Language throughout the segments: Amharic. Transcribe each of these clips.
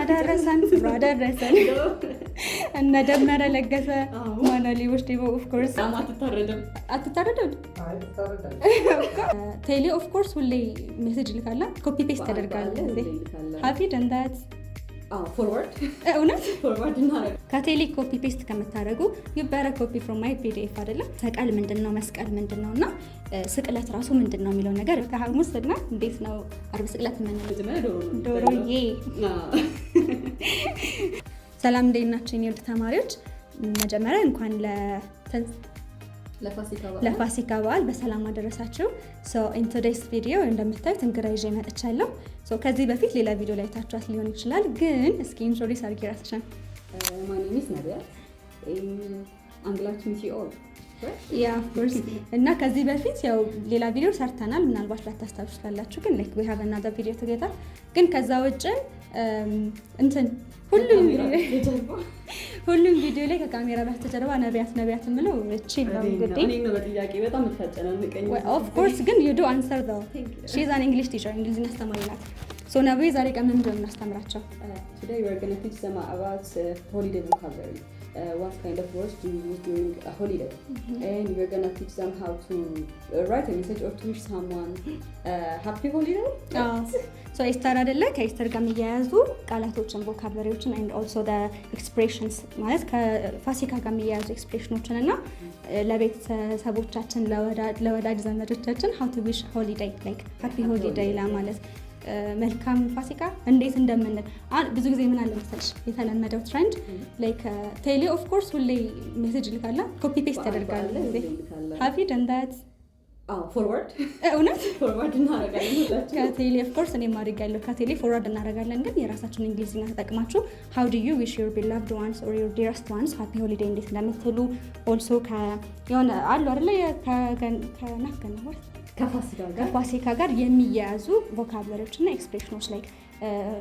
አደረሰን ብሮ አደረሰን እነ ደመረ ለገሰ ማና ሌቦች ደግሞ ኦፍኮርስ አትታረደም። ቴሌ ኦፍኮርስ ሁሌ ሜሴጅ ልካለ ኮፒ ፔስት ተደርጋለ ሀፒ ደንዳት ፎርዋርድ እውነት ፎርዋርድ እናደርግ ከቴሌ ኮፒ ፔስት ከምታደርጉ ዩበረ ኮፒ ፍሮም ማይ ፒዲኤፍ አይደለም። ሰቀል ምንድን ነው? መስቀል ምንድን ነው? እና ስቅለት ራሱ ምንድን ነው የሚለው ነገር ከሐሙስ እና እንዴት ነው አርብ ስቅለት የምንለው ዶሮዬ። ሰላም እንዴት ናቸው የኔ ተማሪዎች? መጀመሪያ እንኳን ለ ለፋሲካ በዓል በሰላም አደረሳችሁ። ኢን ቪዲዮ እንደምታዩት እንግዳ ይዤ መጥቻለሁ። ከዚህ በፊት ሌላ ቪዲዮ ላይ ታችኋት ሊሆን ይችላል፣ ግን እስኪ ኢንትሮዲስ አድርጊ ራስሽን። ማይ ነቢያት አንግላችን ሲኦል እና ከዚህ በፊት ያው ሌላ ቪዲዮ ሰርተናል። ምናልባት ላታስታውሱ ትችላላችሁ፣ ግን ላይክ ዊ ሃቭ አናዘር ቪዲዮ ቱጌዘር። ግን ከዛ ውጭ um, እንትን ሁሉም ሁሉም ቪዲዮ ላይ ከካሜራ በስተጀርባ ነቢያት ነቢያት የምለው እቺ ነው እንግዲህ። ኦፍ ኮርስ ግን ዩ ዱ አንሰር ዘው ሺ ኢዝ አን እንግሊሽ ቲቸር፣ እንግሊዝኛ አስተማሪ ናት። ሶ ነብዬ ዛሬ ቀን ምን እንደምናስተምራቸው uh, uh, what kind of words do you use during a holiday mm-hmm. and you're gonna teach them how to uh, write a message or to wish someone uh, happy holiday ሶ ኤስተር አይደለ ከኤስተር ጋር የሚያያዙ ቃላቶችን ቮካብለሪዎችን ኤንድ ኦልሶ ኤክስፕሬሽንስ ማለት ከፋሲካ ጋር የሚያያዙ ኤክስፕሬሽኖችን እና ለቤተሰቦቻችን ለወዳጅ ዘመዶቻችን ሀው ቱ ዊሽ ሆሊዴይ ላይክ ሀፒ ሆሊዴይ ለማለት መልካም ፋሲካ እንዴት እንደምንል ብዙ ጊዜ ምን አለ መሰለሽ የተለመደው ትሬንድ ላይክ ቴሌ ኦፍ ኮርስ ሁሌ ሜሴጅ ልካላ ኮፒ ፔስት ያደርጋለ ሀፒ ደንዳት እውነት ከቴሌ ኦፍ ኮርስ እኔም አድርጊያለሁ። ከቴሌ ፎርዋርድ እናደርጋለን፣ ግን የራሳችሁን እንግሊዝኛ ተጠቅማችሁ ሀው ዱ ዩ ዊሽ ዩር ቢላቭድ ዋንስ ኦር ዩር ዲረስት ዋንስ ሀፒ ሆሊዴይ እንዴት እንደምትሉ ኦልሶ የሆነ አሉ ከናፍ ከናገነባት ከፋሲካ ጋር የሚያያዙ ቮካብለሪዎች እና ኤክስፕሬሽኖች ላይ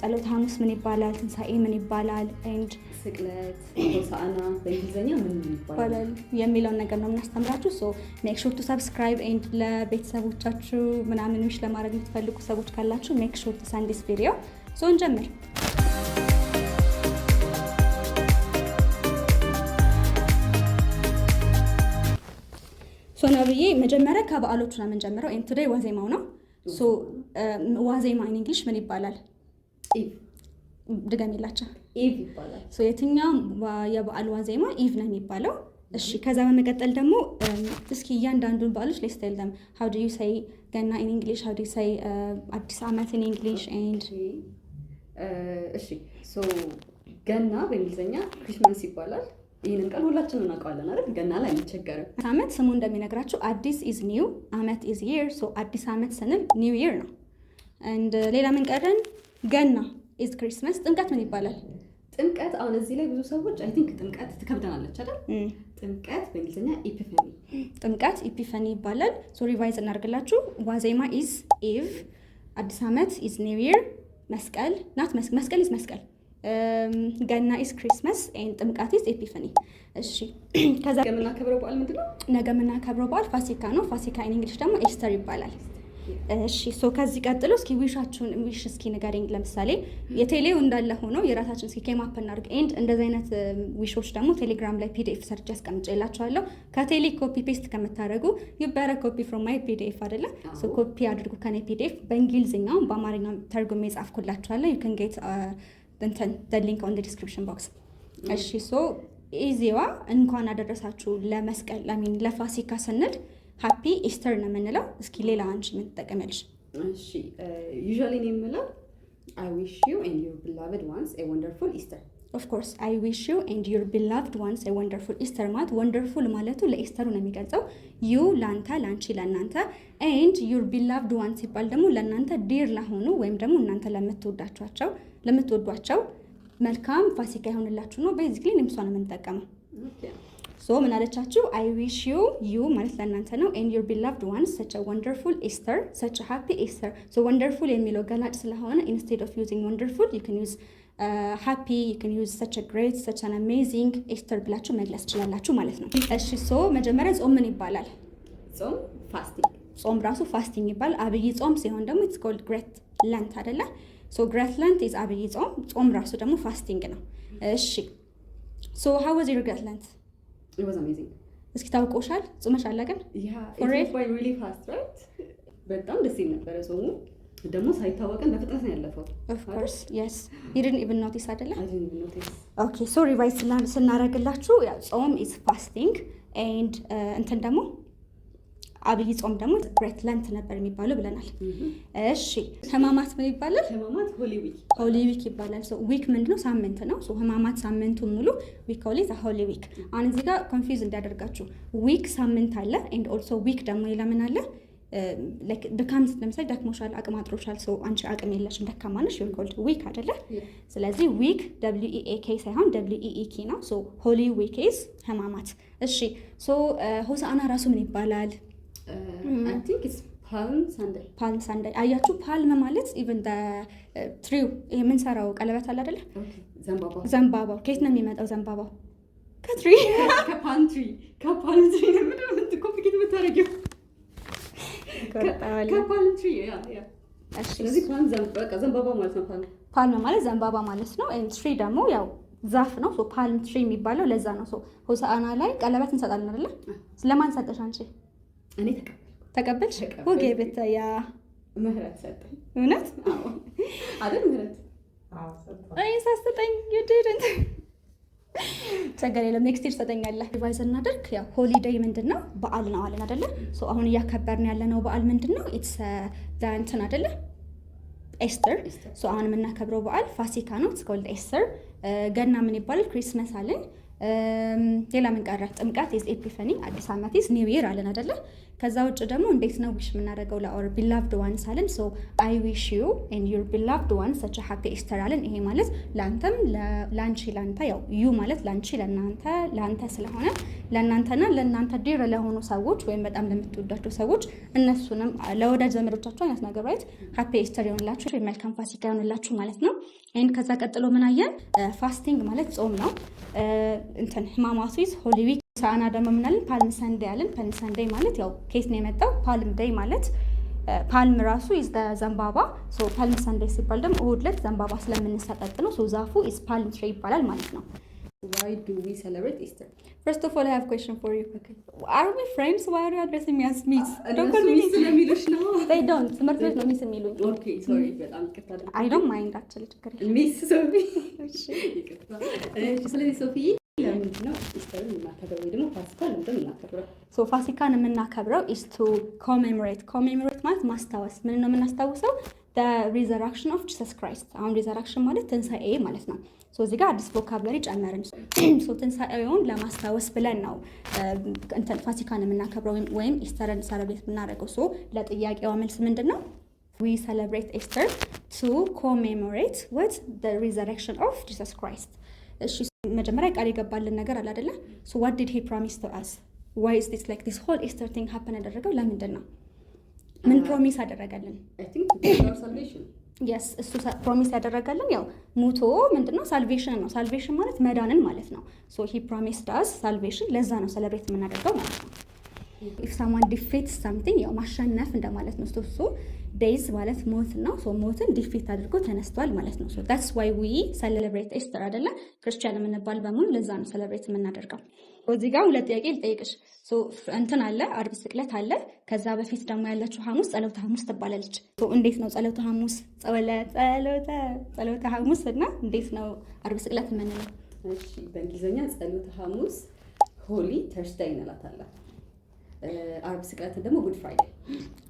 ጸሎት ሐሙስ ምን ይባላል? ትንሣኤ ምን ይባላል? ኤንድ ስቅለት፣ ሆሳዕና በእንግሊዝኛ ምን ይባላል የሚለውን ነገር ነው የምናስተምራችሁ። ሶ ሜክ ሹር ቱ ሰብስክራይብ ኤንድ ለቤተሰቦቻችሁ ምናምን ዊሽ ለማድረግ የምትፈልጉ ሰዎች ካላችሁ ሜክ ሹር ቱ ቪዲዮ ሶ እንጀምር። መጀመሪያ ከበዓሎቹ ነው የምንጀምረው። ኤንድ ቱዴይ ዋዜማው ነው። ሶ ዋዜማ ኢን እንግሊሽ ምን ይባላል? ድገሚላቸው። ኢቭ ይባላል። ሶ የትኛው የበዓል ዋዜማ ኢቭ ነው የሚባለው። እሺ ከዛ በመቀጠል ደግሞ እስኪ እያንዳንዱን በዓሎች ሌስ ቴል ዘም ሃው ዱ ዩ ሳይ ገና ኢን እንግሊሽ፣ ሃው ዱ ዩ ሳይ አዲስ ዓመት ኢን እንግሊሽ ኤንድ እሺ ሶ ገና በእንግሊዝኛ ክሪስማስ ይባላል። ይህንን ቀን ሁላችንም እናውቀዋለን አይደል? ገና ላይ አንቸገርም። ዓመት ስሙ እንደሚነግራችሁ አዲስ ኢዝ ኒው፣ ዓመት ኢዝ ይር። ሶ አዲስ ዓመት ስንል ኒው ይር ነው። እንድ uh, ሌላ ምን ቀረን? ገና ኢዝ ክሪስመስ። ጥምቀት ምን ይባላል? ጥምቀት አሁን እዚህ ላይ ብዙ ሰዎች አይ ቲንክ ጥምቀት ትከብደናለች አይደል? ጥምቀት በእንግሊዝኛ ኢፒፈኒ፣ ጥምቀት ኢፒፈኒ ይባላል። ሶ ሪቫይዝ እናደርግላችሁ። ዋዜማ ኢዝ ኢቭ፣ አዲስ ዓመት ኢዝ ኒው ይር፣ መስቀል ናት። መስቀል ኢዝ መስቀል ገና ኢስ ክሪስመስ ኤን ጥምቀት ኢስ ኤፒፋኒ። እሺ ከዛ የምናከብረው በዓል ምንድን ነው? ነገ የምናከብረው በዓል ፋሲካ ነው። ፋሲካ ኢን እንግሊሽ ደግሞ ኤስተር ይባላል። እሺ ሶ ከዚህ ቀጥሎ እስኪ ዊሻችሁን ዊሽ እስኪ ንገሪኝ። ለምሳሌ የቴሌው እንዳለ ሆኖ የራሳችን እስኪ ኬም አፕ እናድርግ። ኤንድ እንደዚህ አይነት ዊሾች um, ደግሞ ቴሌግራም ላይ ፒዲኤፍ ሰርች አስቀምጬላችኋለሁ። ከቴሌ ኮፒ ፔስት ከምታደረጉ ዩበረ ኮፒ ፍሮም ማይ ፒዲኤፍ አደለ? ሶ ኮፒ አድርጉ ከኔ ፒዲኤፍ። በእንግሊዝኛውም በአማርኛው ተርጉሜ የጻፍኩላችኋለሁ ዩ ካን ጌት እንትን ሊንክ ኦን ዲስክሪፕሽን ቦክስ። እሺ ሶ ኢዜዋ እንኳን አደረሳችሁ ለመስቀል ሚን ለፋሲካ ስንል ሀፒ ኢስተር ነው የምንለው። እስኪ ሌላ አንቺ ምን ትጠቀሚያለሽ? እሺ ዩዥዋሊ የምለው አይ ዊሽ ዩ ኤንድ ዩር ቢላቭድ ዋንስ ኤ ወንደርፉል ኢስተር ኦፍ ኮርስ አይ ዊሽ ዩ ኤንድ ዩር ቢላቭድ ዋንስ ኤ ወንደርፉል ኢስተር ማለት ወንደርፉል ማለቱ ለኢስተሩ ነው የሚገልጸው። ዩ ለአንተ ለአንቺ ለእናንተ፣ ኤንድ ዩር ቢላቭድ ዋንስ ሲባል ደግሞ ለእናንተ ዲር ለሆኑ ወይም ደግሞ እናንተ ለምትወዳቸዋቸው ለምትወዷቸው መልካም ፋሲካ ይሆንላችሁ ነው። ቤዚክሊ እኔም እሷን የምንጠቀመው ሶ ምን አለቻችሁ? አይ ዊሽ ዩ ዩ ማለት ለእናንተ ነው። ኤንድ ዩር ቢላቭድ ዋን ሰች ወንደርፉል ኢስተር ሰች ሃፒ ኢስተር። ሶ ወንደርፉል የሚለው ገላጭ ስለሆነ ኢንስቴድ ኦፍ ዩዚንግ ወንደርፉል ዩ ን ዩዝ ሃፒ ዩ ን ዩዝ ሰች ግሬት ሰች አን አሜዚንግ ኢስተር ብላችሁ መግለጽ ትችላላችሁ ማለት ነው። እሺ ሶ መጀመሪያ ጾም ምን ይባላል? ጾም ፋስቲንግ። ጾም ራሱ ፋስቲንግ ይባላል። አብይ ጾም ሲሆን ደግሞ ኢትስ ኮልድ ግሬት ለንት አይደለ ሶ ግራትላንት ኢዝ አብይ ጾም ጾም ራሱ ደግሞ ፋስቲንግ ነው። እሺ ሶ ሃው ዋዝ ዩር ግራትላንት? እስኪ ታውቆሻል? ጾመሽ አላቀን? በጣም ደስ ይል ነበረ ጾሙ ደግሞ ሳይታወቀን በፍጥነት ነው ያለፈው። ኦፍኮርስ የስ ይድን ኢቭን ኖቲስ አይደለም። ኦኬ ሶ ሪቫይዝ ስናረግላችሁ ጾም ኢዝ ፋስቲንግ ኤንድ እንትን ደግሞ አብይ ጾም ደግሞ ለንት ነበር የሚባለው ብለናል። እሺ ህማማት ምን ይባላል? ህማማት ሆሊ ዊክ ይባላል። ሶ ዊክ ምንድነው? ሳምንት ነው። ሶ ህማማት ሳምንቱ ሙሉ ዊክ ሆሊ ሆሊ ዊክ። አሁን እዚህ ጋር ኮንፊውዝ እንዳያደርጋችሁ ዊክ ሳምንት አለ። ኤንድ ኦልሶ ዊክ ደግሞ ይለምን አለ ድካም ለምሳሌ ደክሞሻል፣ አቅም አጥሮሻል፣ ሰው አንቺ አቅም የለሽም ደካማ ነሽ ዩር ኮልድ ዊክ አይደለ? ስለዚህ ዊክ ደብሊው ኢ ኤ ኬ ሳይሆን ደብሊው ኢ ኢ ኬ ነው። ሶ ሆሊ ዊክ ኢዝ ህማማት። እሺ ሶ ሆሳአና ራሱ ምን ይባላል? ፓል uh, ሳንዳይ mm-hmm. አያችሁ። ፓልም ማለት ኢቨን ትሪው ይሄ የምንሰራው ቀለበት አለ አይደለ? ዘንባባው ከየት ነው የሚመጣው? ዘንባባው ከትሪ ከፓልትሪ ከፓልትሪ ፓልም ማለት ዘንባባ ማለት ነው። ትሪ ደግሞ ያው ዛፍ ነው። ፓልም ትሪ የሚባለው ለዛ ነው። ሆሳአና ላይ ቀለበት እንሰጣለን አይደለ? ለማን ሰጠሽ አንቺ? እኔ ተቀበልሽ? ወጌ ብታያ ምህረት ሰጠኝ። እውነት አይደል? ምህረት አይ ሳስጠኝ የድህድን ቸገር የለም። ኔክስት ይር ሰጠኛለህ። ሪቫይዝ እናደርግ። ያው ሆሊዴይ ምንድን ነው በዓል ነው አለን አደለ? አሁን እያከበርን ያለነው በዓል ምንድን ነው? ኢትስ እንትን አደለ? ኤስተር አሁን የምናከብረው በዓል ፋሲካ ነው። ስኮልድ ኤስተር። uh, ገና ምን ይባላል? ክሪስመስ አለን ሌላ ምን ቀረ? ጥምቀት ኢዝ ኤፒፈኒ፣ አዲስ ዓመት ኢዝ ኒው ይር አለን አይደለ? ከዛ ውጭ ደግሞ እንዴት ነው ዊሽ የምናደርገው? ለአወር ቢላቭድ ዋንስ አለን። ሶ አይ ዊሽ ዩ ኤንድ ዩር ቢላቭድ ዋንስ ሰች ሀፒ ኢስተር አለን። ይሄ ማለት ለአንተም ለአንቺ ለአንተ ያው ዩ ማለት ለአንቺ ለእናንተ ለአንተ ስለሆነ ለእናንተና ለእናንተ ዲር ለሆኑ ሰዎች ወይም በጣም ለምትወዳቸው ሰዎች እነሱንም ለወዳጅ ዘመዶቻቸው አይነት ነገር ራይት ሀፒ ኢስተር ይሆንላችሁ፣ መልካም ፋሲካ ይሆንላችሁ ማለት ነው። ይህን ከዛ ቀጥሎ ምን አየን? ፋስቲንግ ማለት ጾም ነው። እንትን ህማማቱ ይዝ ሆሊ ዊክ ሳአና ደግሞ ምናለን ፓልም ሰንዴ ያለን ፓልም ሰንደይ ማለት ያው ኬት ነው የመጣው ፓልም ደይ ማለት ፓልም ራሱ ኢዝ ዘንባባ ፓልም ሰንደይ ሲባል ደግሞ እሁድ ዕለት ዘንባባ ስለምንሰጠጥ ነው። ዛፉ ኢዝ ፓልም ትሬ ይባላል ማለት ነው። Why do we celebrate Easter? First of all, I have a question for you. Okay. Are we friends? Why are you addressing me as Miss? Uh, don't call me Miss. Miss. They don't. ትምህርት ቤት ነው Miss የሚሉኝ። Okay, sorry. በጣም ይቅርታ። I don't mind actually Miss Sophie. እሺ፣ ይቅርታ። እሺ፣ ስለዚህ ሶፊ ለምንድነው ኢስተርን የምናከብረው ወይ ደግሞ ፋሲካ ለምንድነው የምናከብረው? ሶ ፋሲካን የምናከብረው ኢስ ቱ ኮሜሞሬት ኮሜሞሬት ማለት ማስታወስ። ምን ነው የምናስታውሰው? the resurrection of Jesus Christ። አሁን resurrection ማለት ትንሣኤ ማለት ነው። እዚህ ጋር አዲስ ቮካብላሪ ጨመርን። ትንሳኤውን ለማስታወስ ብለን ነው እንትን ፋሲካን የምናከብረው ወይም ኢስተርን ሰለብሬት የምናደርገው። ለጥያቄው መልስ ምንድን ነው? ዊ ሰለብሬት ኢስተር ቱ ኮሜሞሬት ወት ሪዘሬክሽን ኦፍ ጂሰስ ክራይስት። እሺ መጀመሪያ ቃል የገባልን ነገር አለ አይደለ? ዋት ዲድ ሂ ፕሮሚስ ቱ አስ ዋይ ኢዝ ዲስ ላይክ ዲስ ሆል ኢስተር ቲንግ ሀፕን ያደረገው ለምንድን ነው? ምን ፕሮሚስ uh, አደረገልን? የስ እሱ ፕሮሚስ ያደረገልን ያው ሙቶ ምንድነው ሳልቬሽን ነው። ሳልቬሽን ማለት መዳንን ማለት ነው። ሶ ሂ ፕሮሚስ ዳስ ሳልቬሽን። ለዛ ነው ሰለብሬት የምናደርገው ማለት ነው። ኢፍ ሳምዋን ዲፌት ሳምቲንግ ያው ማሸነፍ እንደማለት ነው እሱ ዴይዝ ማለት ሞት ነው። ሞትን ዲፊት አድርጎ ተነስቷል ማለት ነው። ስ ዋይ ዊ ሰለብሬት ኤስተር አይደለ ክርስቲያን የምንባል በሙሉ ለዛ ነው ሰለብሬት የምናደርገው። እዚህ ጋር ሁለት ጥያቄ ልጠይቅሽ። እንትን አለ አርብ ስቅለት አለ። ከዛ በፊት ደግሞ ያለችው ሐሙስ ጸሎተ ሐሙስ ትባላለች። እንዴት ነው ጸሎተ ሐሙስ ጸሎተ ጸሎተ ሐሙስ እና እንዴት ነው አርብ ስቅለት የምንለው? በእንግሊዝኛ ጸሎተ ሐሙስ ሆሊ ተርስዳይ እንላታለን አርብ ስቅለትን ደግሞ ጉድ ፍራይዴ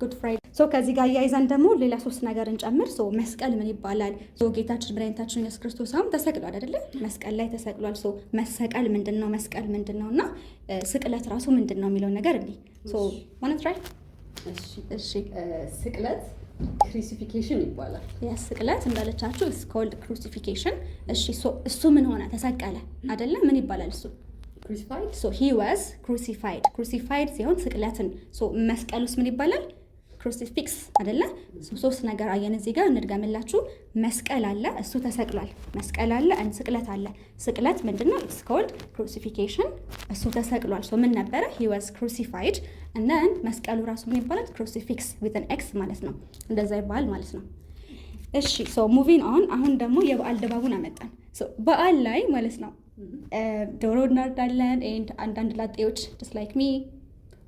ጉድ ፍራይዴ ሶ ከዚህ ጋር እያይዘን ደግሞ ሌላ ሶስት ነገር እንጨምር። ሶ መስቀል ምን ይባላል? ሶ ጌታችን መድኃኒታችን ኢየሱስ ክርስቶስ አሁን ተሰቅሏል አይደለ? መስቀል ላይ ተሰቅሏል። ሶ መሰቀል ምንድን ነው? መስቀል ምንድን ነው እና ስቅለት ራሱ ምንድን ነው የሚለውን ነገር እንዲህ ሶ ማለት ራይት። እሺ ስቅለት ክሩሲፊኬሽን ይባላል። ያ ስቅለት እንዳለቻችሁ ኢስ ኮልድ ክሩሲፊኬሽን። እሺ እሱ ምን ሆነ? ተሰቀለ አይደለ? ምን ይባላል እሱ crucified so he was crucified crucified ሲሆን ስቅለትን so መስቀል ውስጥ ምን ይባላል ክሩሲፊክስ አይደለ ሶስት ነገር አየን እዚህ ጋር እንድገምላችሁ መስቀል አለ እሱ ተሰቅሏል መስቀል አለ ስቅለት አለ ስቅለት ምንድነው ኢትስ ኮልድ ክሩሲፊኬሽን እሱ ተሰቅሏል ሶ ምን ነበረ ሂ ዋዝ ክሩሲፋይድ እና መስቀሉ ራሱ ምን ይባላል ክሩሲፊክስ ዊዝ አን ኤክስ ማለት ነው እንደዛ ይባል ማለት ነው እሺ ሶ ሙቪንግ ኦን አሁን ደግሞ የበዓል ድባቡን አመጣን በዓል ላይ ማለት ነው ዶሮ እናርዳለን። አንዳንድ ላጤዎች ጀስት ላይክ ሚ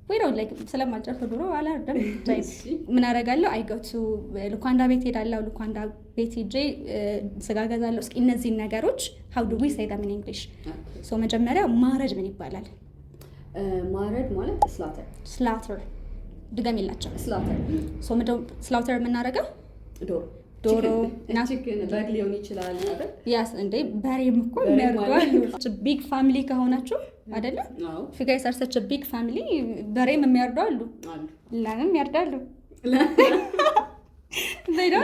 ወይ ነው ስለማልጨርፍ ዶሮ አላርድም። ምን አደርጋለሁ አይገቱ ልኳንዳ ቤት ሄዳለሁ። ልኳንዳ ቤት ሄጄ ስጋ ገዛለሁ። እስኪ እነዚህን ነገሮች ሀው ዱ ዊ ሴይ ዳም ኢን እንግሊሽ። ሶ መጀመሪያ ማረድ ምን ይባላል? ማረድ ማለት ስላተር ስላተር ድገም የላቸው ስላተር ሶ ስላተር የምናደርገው ዶሮ ዶሮ ሊሆን ይችላል። ያስ እንደ በሬም እኮ የሚያርዷል። ቢግ ፋሚሊ ከሆናችሁ አይደለም ፊጋይ ሳርሰች ቢግ ፋሚሊ በሬም የሚያርዷሉ፣ ላምም ያርዳሉ ሌላ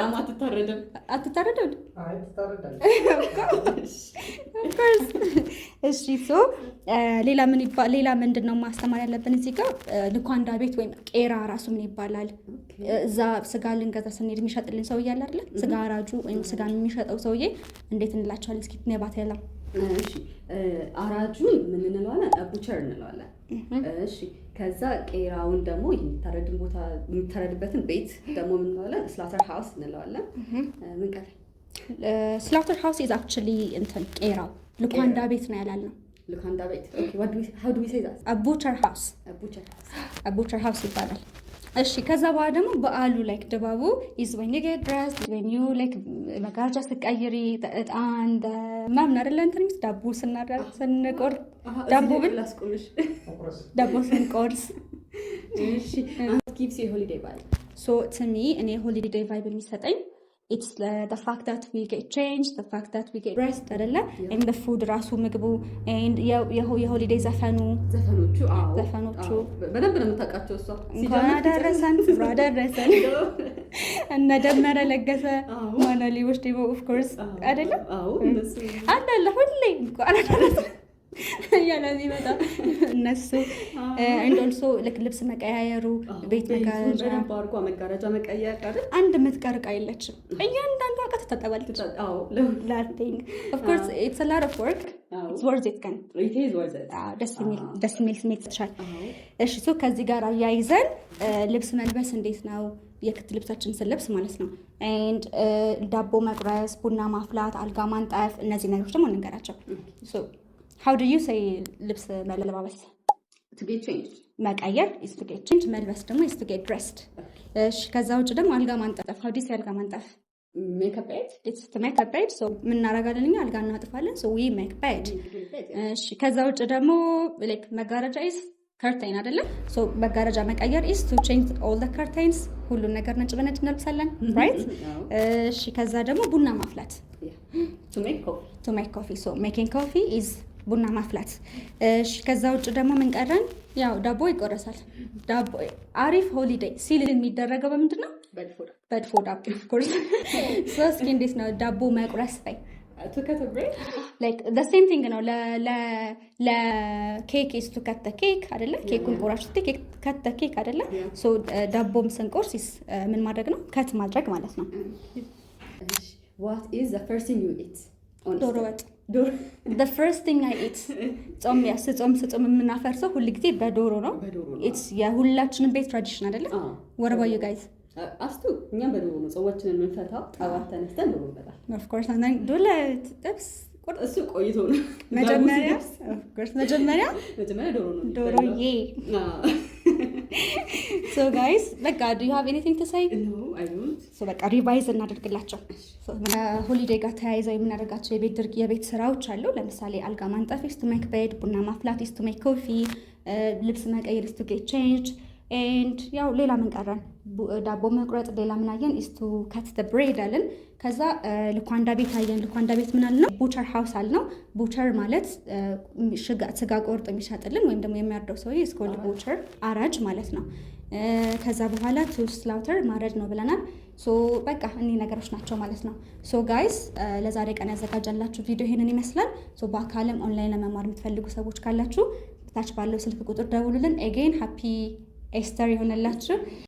ምንድን ነው ማስተማር ያለብን እዚህ ጋር ልኳንዳ ቤት ወይም ቄራ ራሱ ምን ይባላል? እዛ ስጋ ልንገዛ ስንሄድ የሚሸጥልን ሰው እያለ አለ ስጋ አራጁ ወይም ስጋ የሚሸጠው ሰውዬ እንዴት እንላቸዋለን? እስኪ ነባት ያለው አራጁን ምን እንለዋለን? ቡቸር እንለዋለን። ከዛ ቄራውን ደግሞ የምታረድን ቦታ የምታረድበትን ቤት ደግሞ የምንለዋለን ስላተር ሀውስ እንለዋለን። ምን ቀረ ስላተር ሀውስ ኢዝ አክቹዋሊ እንትን ቄራው ልኳንዳ ቤት ነው ያላልነው። ልኳንዳ ቤት ቡቸር ሀውስ ይባላል። እሺ ከዛ በኋላ ደግሞ በዓሉ ላይክ ድባቡ ኢዝ ወን ዩ ጌት ድረስ ወን ዩ ላይክ መጋረጃ ስትቀይሪ እጣን ምናምን አይደለ እንትን ሚስ ዳቦ ስንቆርጥ ዳቦ ዳቦ ስንቆርስ ጊቭስ ሆሊዴይ ቫይብ ሶ ትሚ እኔ ሆሊዴይ ቫይብ የሚሰጠኝ ኢትስ ፋክት ዳት ዊ ጌት ቼንጅ ፋክት ዳት ዊ ጌት ሬስት አይደለ ኢን ፉድ ራሱ ምግቡ የሆሊዴይ ዘፈኑ ዘፈኖቹ ዘፈኖቹ በደንብ ነው የምታውቃቸው። እሷ እንኳን አደረሰን አደረሰን እነ ደመረ ለገሰ ማናሊዎች ደግሞ ኦፍ አይደለም አንዳለ ሁሌ እንኳን አደረሰን እያላዚ በጣም እነሱ ልክ ልብስ መቀያየሩ ቤት መጋረጃ አንድ የለችም። እያንዳንዱ ትታጠባለች። ደስ የሚል ስሜት እሺ ሶ ከዚህ ጋር አያይዘን ልብስ መልበስ እንዴት ነው? የክት ልብሳችን ስንለብስ ማለት ነው። ኤንድ ዳቦ መቁረስ፣ ቡና ማፍላት፣ አልጋ ማንጠፍ፣ እነዚህ ነገሮች ደግሞ እንንገራቸው ሀው ዱ ዩ ሰይ ልብስ መለባበስ መቀየር ኢዝ ቱ ጌት ቼንጅ፣ መልበስ ደግሞ ኢዝ ቱ ጌት ድረስድ። እሺ፣ ከዛ ውጭ ደግሞ አልጋ ማንጠፍ ሀው ዱ ዩ ሰይ አልጋ ማንጠፍ ሜክቤድ የምናረጋለን እኛ አልጋ እናጥፋለን። ዊ ሜክቤድ። እሺ፣ ከዛ ውጭ ደግሞ መጋረጃ ኢዝ ከርተይን አይደለም። መጋረጃ መቀየር ኢዝ ቱ ቼንጅ ኦል ዘ ከርተይንስ፣ ሁሉን ነገር ነጭ በነጭ እንለብሳለን። ራይት። እሺ፣ ከዛ ደግሞ ቡና ማፍላት ቱ ሜክ ኮፊ። ሜኪንግ ኮፊ ኢዝ ቡና ማፍላት። እሺ፣ ከዛ ውጭ ደግሞ ምን ቀረን? ያው ዳቦ ይቆረሳል። ዳቦ አሪፍ ሆሊዴይ ሲል የሚደረገው በምንድን ነው? በድፎ ዳቦ ኮርስ። ሶ እስኪ እንዴት ነው ዳቦ መቁረስ ላይ ሴም ቲንግ ነው። ለኬክ ስ ከተ ኬክ አደለ? ኬኩን ቆራሽ ከተ ኬክ አደለ? ዳቦም ስንቆርስ uh, ምን ማድረግ ነው? ከት ማድረግ ማለት ነው። ዶሮ ወጥ ፈርስት ቲንግ አይ ኢት ጾም ስጾም ስጾም የምናፈርሰው ሁል ጊዜ በዶሮ ነው። ኢትስ የሁላችንም ቤት ትራዲሽን አይደለ? ወረባዩ ጋይዝ አስቱ እኛም በዶሮ ነው ጾማችንን የምንፈታው። ጠዋት ተነስተን ዶሮ ጥብስ እሱ ቆይቶ ነው መጀመሪያ መጀመሪያ ዶሮ ነው ሶ ጋይስ በቃ ዱ ዩ ሃቭ ኤኒቲንግ ቱ በቃ ሪቫይዝ እናደርግላቸው። ሆሊዴ ጋር ተያይዘው የምናደርጋቸው የቤት ስራዎች አሉ። ለምሳሌ አልጋ ማንጠፍ ስቱ ሜክ ቤድ፣ ቡና ማፍላት ስቱ ሜክ ኮፊ፣ ልብስ መቀየር ስቱ ጌት ቼንጅ ኤንድ ያው ሌላ ምን ቀረን? ዳቦ መቁረጥ፣ ሌላ ምን አየን? ኢስቱ ከት ደ ብሬድ አለን። ከዛ ልኳንዳ ቤት አየን። ልኳንዳ ቤት ምን አልነው? ቡቸር ሀውስ አልነው። ቡቸር ማለት ስጋ ቆርጥ የሚሸጥልን ወይም ደግሞ የሚያርደው ሰውዬ ስኮልድ ቡቸር፣ አራጅ ማለት ነው። ከዛ በኋላ ቱ ስላውተር ማረድ ነው ብለናል። ሶ በቃ እኒህ ነገሮች ናቸው ማለት ነው። ሶ ጋይስ ለዛሬ ቀን ያዘጋጃላችሁ ቪዲዮ ይሄንን ይመስላል። ሶ በአካልም ኦንላይን ለመማር የምትፈልጉ ሰዎች ካላችሁ ታች ባለው ስልክ ቁጥር ደውሉልን። ኤጌን ሀፒ ኤስተር ይሆንላችሁ።